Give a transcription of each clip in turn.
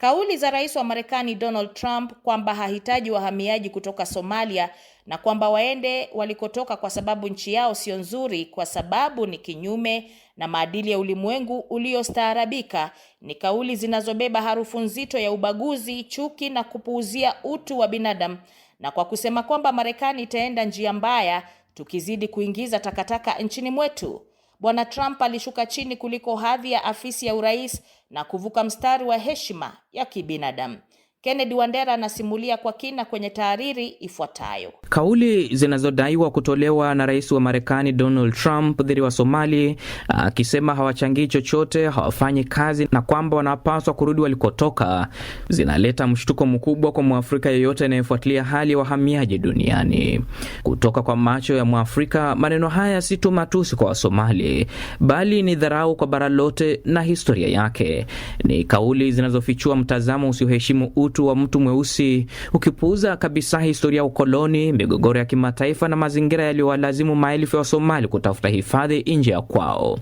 Kauli za Rais wa Marekani Donald Trump kwamba hahitaji wahamiaji kutoka Somalia na kwamba waende walikotoka kwa sababu nchi yao sio nzuri kwa sababu ni kinyume na maadili ya ulimwengu uliostaarabika ni kauli zinazobeba harufu nzito ya ubaguzi, chuki na kupuuzia utu wa binadamu. Na kwa kusema kwamba Marekani itaenda njia mbaya tukizidi kuingiza takataka nchini mwetu, Bwana Trump alishuka chini kuliko hadhi ya afisi ya urais na kuvuka mstari wa heshima ya kibinadamu. Kennedy Wandera anasimulia kwa kina kwenye taariri ifuatayo. Kauli zinazodaiwa kutolewa na rais wa Marekani Donald Trump dhidi wa Somali akisema hawachangii chochote, hawafanyi kazi na kwamba wanapaswa kurudi walikotoka zinaleta mshtuko mkubwa kwa Mwafrika yeyote anayefuatilia hali ya wa wahamiaji duniani. Kutoka kwa macho ya Mwafrika, maneno haya si tu matusi kwa Wasomali bali ni dharau kwa bara lote na historia yake. Ni kauli zinazofichua mtazamo usioheshimu utu wa mtu mweusi, ukipuuza kabisa historia ya ukoloni, migogoro ya kimataifa na mazingira yaliyowalazimu maelfu ya Wasomali kutafuta hifadhi nje ya kwao.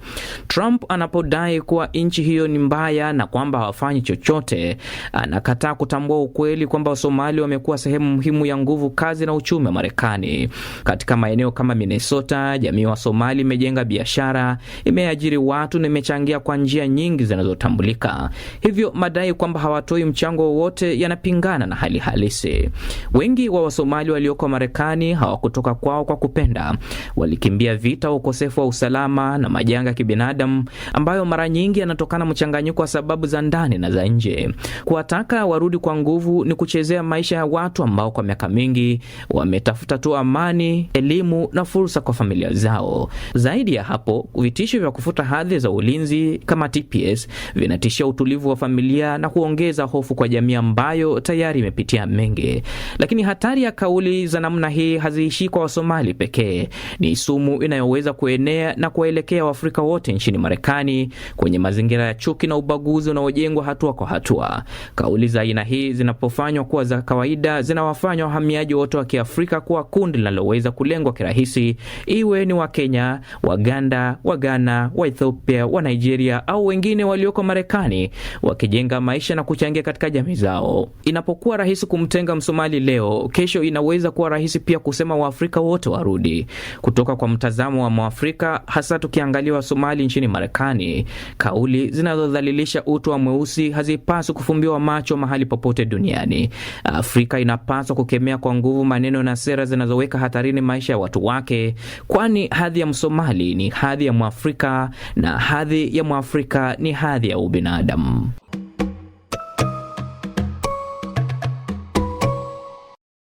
Trump anapodai kuwa nchi hiyo ni mbaya na kwamba hawafanyi chochote, anakataa kutambua ukweli kwamba Wasomali wamekuwa sehemu muhimu ya nguvu kazi na uchumi wa Marekani. Katika maeneo kama Minnesota, jamii wa Somali imejenga biashara, imeajiri watu na imechangia kwa njia nyingi zinazotambulika. Hivyo madai kwamba hawatoi mchango wowote yanapingana na hali halisi. Wengi wa Wasomali walioko Marekani hawakutoka kwao kwa kupenda, walikimbia vita, ukosefu wa usalama na majanga ya kibinadamu ambayo mara nyingi yanatokana mchanganyiko wa sababu za ndani na za nje. Kuwataka warudi kwa nguvu ni kuchezea maisha ya watu ambao kwa miaka mingi wametafuta tu amani, elimu na fursa kwa familia zao. Zaidi ya hapo, vitisho vya kufuta hadhi za ulinzi kama TPS vinatishia utulivu wa familia na kuongeza hofu kwa jamii ambayo ambayo tayari imepitia mengi. Lakini hatari ya kauli za namna hii haziishii kwa Wasomali pekee, ni sumu inayoweza kuenea na kuwaelekea Waafrika wote nchini Marekani kwenye mazingira ya chuki na ubaguzi unaojengwa hatua kwa hatua. Kauli za aina hii zinapofanywa kuwa za kawaida, zinawafanya wahamiaji wote wa Kiafrika kuwa kundi linaloweza kulengwa kirahisi, iwe ni Wakenya, Waganda, wa Ghana, wa Ethiopia, wa Nigeria au wengine walioko Marekani, wakijenga maisha na kuchangia katika jamii zao. Inapokuwa rahisi kumtenga Msomali leo, kesho inaweza kuwa rahisi pia kusema Waafrika wote warudi, kutoka kwa mtazamo wa Mwafrika, hasa tukiangalia Wasomali nchini Marekani. Kauli zinazodhalilisha utu wa mweusi hazipaswi kufumbiwa macho mahali popote duniani. Afrika inapaswa kukemea kwa nguvu maneno na sera zinazoweka hatarini maisha ya watu wake, kwani hadhi ya Msomali ni hadhi ya Mwafrika na hadhi ya Mwafrika ni hadhi ya ubinadamu.